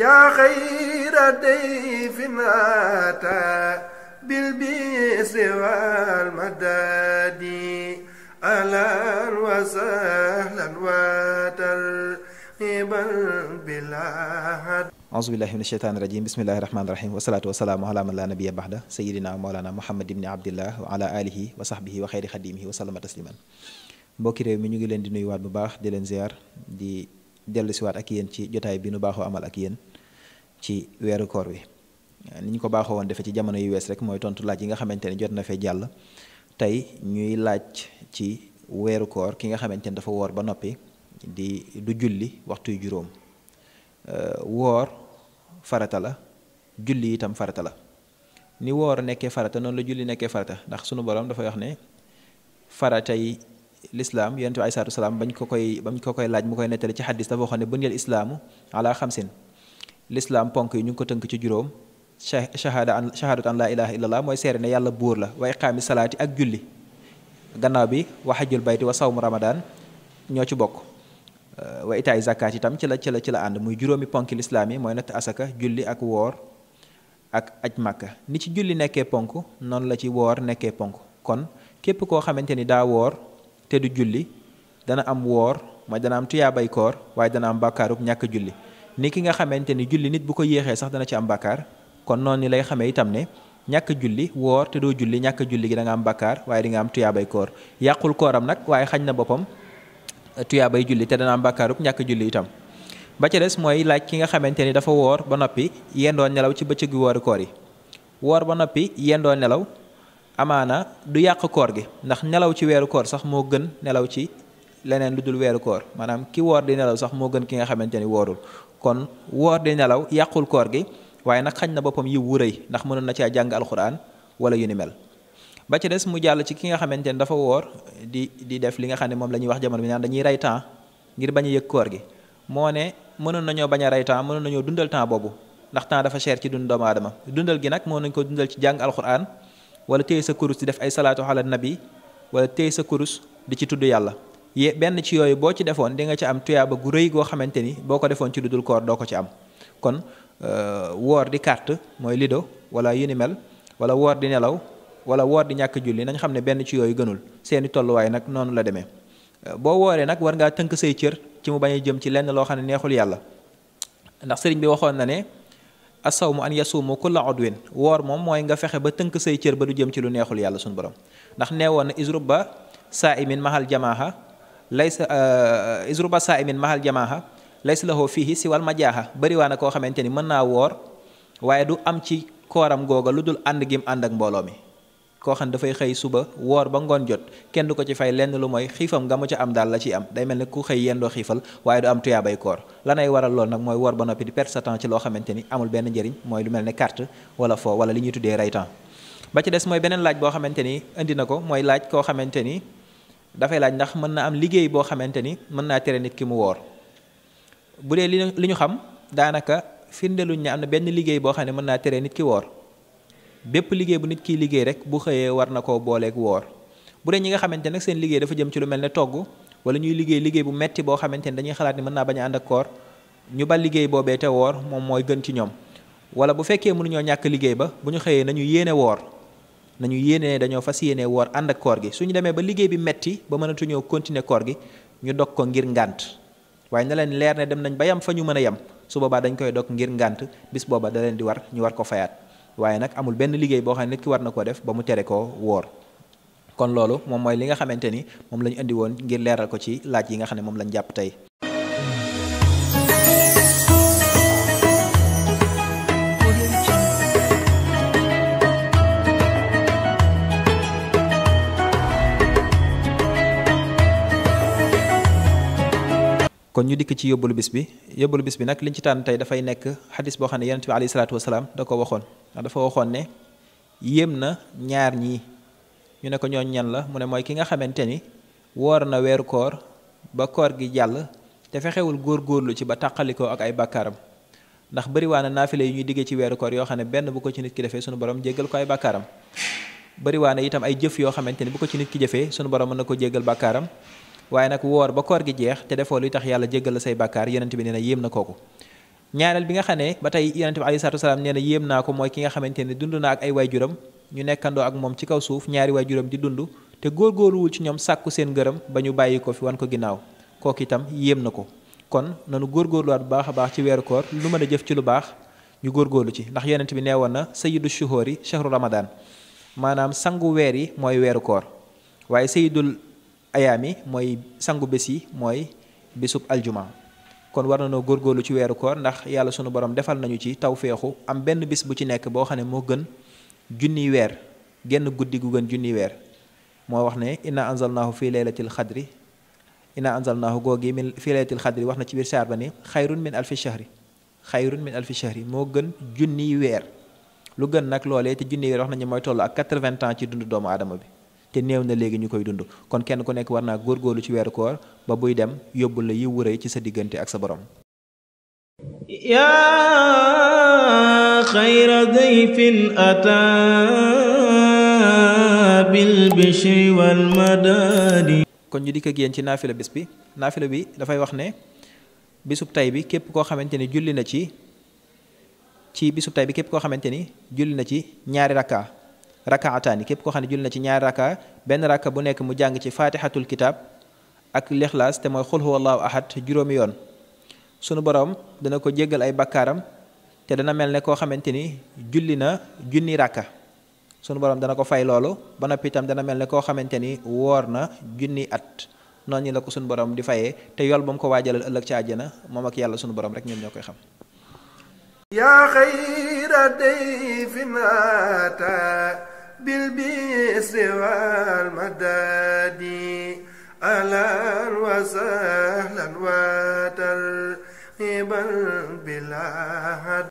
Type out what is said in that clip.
yaa xayra dayfin ataa bil bisri wal madadi ahlan wa sahlan wa tarhiban bilaa auzu billahi min asheytaani rajim bismillahi rahmaani rahim wasalaatu wasalaamu ala man laa nabiya baxda sayidina mawlana muhammad ibni abdillah wa alihi wa sahbihi wa xeyri xadimihi wa sallama tasliman mbokki réew mi ñu ngi leen di nuyuwaat bu baax di leen ziar di dellu siwaat ak yéen ci jotaay bi nu baaxoo amal ak yéen ci weeru koor wi ni ñu ko baaxoo woon defee ci jamono yu wees rek mooy tontu laaj yi nga xamante ne jot na fee jàll tey ñuy laaj ci weeru koor ki nga xamante ni dafa woor ba noppi di du julli waxtu juróom euh, woor farata la julli itam farata la ni woor nekkee farata noonu la julli nekkee farata ndax sunu borom dafa wax ne farata yi lislaam yonent bi salaam bañ ko koy bañ ko koy laaj mu koy nettali ci xaddis dafa waxoon ne buniyal islaamu ala xamsin lislaam ponk yi ñu ngi ko tënk ci juróom shahada an shahadatu an laa ilaha illallah mooy seere ne yàlla buur la wa iqaami salaati ak julli gannaaw bi wa hajjul bayti wa sawmu ñoo ci bokk wa itaay zakat itam ci la ci la ci la ànd muy juróomi ponk lislaam yi mooy natt asaka julli ak woor ak aj màkka ni ci julli nekkee ponk noonu la ci woor nekkee ponk kon képp koo xamante ni daa woor te du julli dana am woor mooy dana am tuyaabay koor waaye dana am bàkkaarub ñàkk julli ni ki nga xamante ni julli nit bu ko yéexee sax dana ci am bakkaar kon noonu ni lay xamee itam ne ñàkk julli woor te doo julli ñàkk julli gi da am bakkaar waaye dinga am tuyaabay koor yàqul kooram nag waaye xañ na boppam eh, tuyaabay julli te dana am bakkaarub ñàkk julli itam ba ca des mooy laaj ki nga xamante ni dafa woor ba noppi yendoo nelaw ci bëccëgu wooru koor yi woor ba noppi yendoo nelaw amaana du yàq koor gi ndax nelaw ci weeru koor sax moo gën nelaw ci leneen lu dul weeru koor maanaam ki woor di nelaw sax moo gën ki nga xamante ni woorul kon woor di nelaw yàqul koor gi waaye nag xañ na boppam yiw wu rëy ndax mënoon na caa jàng alxuraan wala yu mel ba ci des mu jàll ci ki nga xamante ni dafa woor di di def li nga xam ne moom la ñuy wax jamono bi dañuy rey temps ngir bañ a koor gi moo ne mënoon nañoo bañ rey temps mënoon nañoo dundal temps boobu ndax temps cher ci dund doomu aadama dundal gi nag moo nañ ko dundal ci jàng alxuraan wala téye sa kurus di def ay salaatu ala nabi wala téye sa kurus di ci tudd yàlla ye benn ci yooyu boo ci defoon di nga ci am tuyaaba gu rëy goo xamante ni boo ko defoon ci lu dul koor doo ko ci am kon euh, woor di kart mooy lido wala yu mel wala woor di nelaw wala woor di ñàkk julli nañ xam ne benn ci yooyu gënul seeni tolluwaay nag noonu la demee euh, boo wooree nag war ngaa tënk say cër ci mu bañ a jëm ci lenn loo xam ne neexul yàlla ndax sëriñ bi waxoon na ne asaw mu an yasuumu kulla odwin woor moom mooy nga fexe ba tënk say cër ba du jëm ci lu neexul yàlla suñu borom ndax ba saa imin mahal laysa euh, euh, isruba saa'imin mahal jamaaha laysa lahu fiihi siwal majaaha bëriwaa a koo xamante ni mën naa woor waaye du am ci kooram googa lu dul ànd gim ànd ak mbooloo mi koo xam ne dafay xëy suba woor ba ngoon jot kenn du ko ci fay lenn lu mooy xiifam nga mu ca am daal la ci am day mel ne ku xëy yendoo xiifal waaye du am tuyaabay koor lanay waral lool nag mooy woor ba noppi di perte sa temps ci loo xamante ni amul benn njëriñ mooy lu mel ne carte wala foo wala li ñuy tuddee raytan ba ci des laaj ni indi na koo xamante ni dafay laaj ndax mën na am liggéey boo xamante ni mën naa tere nit ki mu woor bu dee li ñu xam daanaka firndeluñ ne am na benn liggéey boo xam ne mën naa tere nit ki woor bépp liggéey bu nit kiy liggéey rek bu xëyee war na koo booleek woor bu dee ñi nga xamante nag seen liggéey dafa jëm ci lu mel ne togg wala ñuy liggéey liggéey bu metti boo xamante ni dañuy xalaat ni mën naa bañ ànd ak koor ñu ba liggéey boobee te woor moom mooy gën ci ñoom wala bu fekkee mënuñoo ñàkk liggéey ba bu ñu xëyee nañu yéene woor nañu yéene ne dañoo fas yéene woor ànd ak koor gi su ñu demee ba liggéey bi metti ba mënatuñoo continuer koor gi ñu dog ko ngir ngànt waaye na leen leer ne dem nañ ba yam fa ñu mën a yem su boobaa dañ koy dog ngir ngànt bis booba da leen di war ñu war ko fayaat waaye nag amul benn liggéey boo xam ne nit ki war na koo def ba mu tere koo woor kon loolu moom mooy li nga xamante ni moom la ñu indi woon ngir leeral ko ci laaj yi nga xam ne moom lañ jàpp tey kon ñu dikk ci yóbbalu bis bi yóbbalu bis bi nag liñ ci tànn tey dafay nekk xadis boo xam ne yonent bi alayhi salaatu wasalaam da ko waxoon dafa waxoon ne yéem na ñaar ñi ñu ne ko ñooñ ñan la mu ne mooy ki nga xamante ni woor na weeru koor ba koor gi jàll te fexewul góorgóorlu ci ba tàqalikoo ak ay bàkkaaram ndax bëriwaa na naafile yi ñuy diggee ci weeru koor yoo xam ne benn bu ko ci nit ki defee sunu borom jéggal ko ay bàkkaaram bëriwaa na itam ay jëf yoo xamante ni bu ko ci nit jëfee sunu borom mën na ko jéggal bàkkaaram waaye nag woor ba koor gi jeex te defoo luy tax yàlla jéggal la say bàkkaar yonent bi nee na yéem na kooku ñaareel bi nga xam ne ba tey yonent bi alayhi salaatu wasalaam nee na yéem naa ko mooy ki nga xamante ne dund naa ak ay waajuram ñu nekkandoo ak moom ci kaw suuf ñaari waajuram di dund te góorgóorluwul ci ñoom sàkku seen ngërëm ba ñu bàyyi ko fi wan ko ginnaaw kooku itam yéem na ko kon nanu góorgóorluwaat bu baax a baax ci weeru koor lu mën a jëf ci lu baax ñu góorgóorlu ci ndax yonent bi nee woon na sayyidu shuhuri shahru ramadan maanaam sangu weer yi mooy weeru koor ayaami mooy sangu bis yi mooy bésub aljuma kon war na noo góorgóorlu ci weeru koor ndax yàlla sunu borom defal nañu ci taw feexu am benn bis bu ci nekk boo xam ne moo gën junniy weer genn guddi gu gën junniy weer moo wax ne ina inna anzalnaahu fii laylatil xadri inna anzalnaahu googi min fii laylatil xadri wax na ci biir saar ba ni xayrun min alfi shahri xayrun min alfi shahri moo gën junniy weer lu gën nag loolee te junniy weer wax nañu mooy toll ak 80 ans ci dund doomu aadama bi te néew na léegi ñu koy dund kon kenn ku nekk war naa góorgóorlu ci weeru koor ba buy dem yóbbul la yi wuréy ci sa diggante ak sa borom yaa xayra dayfin ataa bil bishri wal madaadi kon ñu dikk ak yéen ci naafila bis bi naafila bi dafay wax ne bisub tay bi képp koo xamante ni julli na ci ci bisub bi képp koo xamante ni julli na ci ñaari rakkaa rakaataani képp koo xam ne julli na ci ñaari raka benn raka bu nekk mu jàng ci faatixatul kitaab ak lixlaas te mooy xul huwallaahu ahad juróomi yoon sunu boroom dana ko jéggal ay bakkaaram te dana mel ne koo xamante ni julli na junni raka sunu borom dana ko fay loolu ba noppi itam dana mel ne koo xamante ni woor na junni at noonu ñu la ko sunu borom di fayee te yool ba mu ko waajalal ëllëg ca na moom ak yàlla sunu borom rek ñoom ñoo koy xam. بالبئس والمداد أهلا وسهلا وترحيبا بلا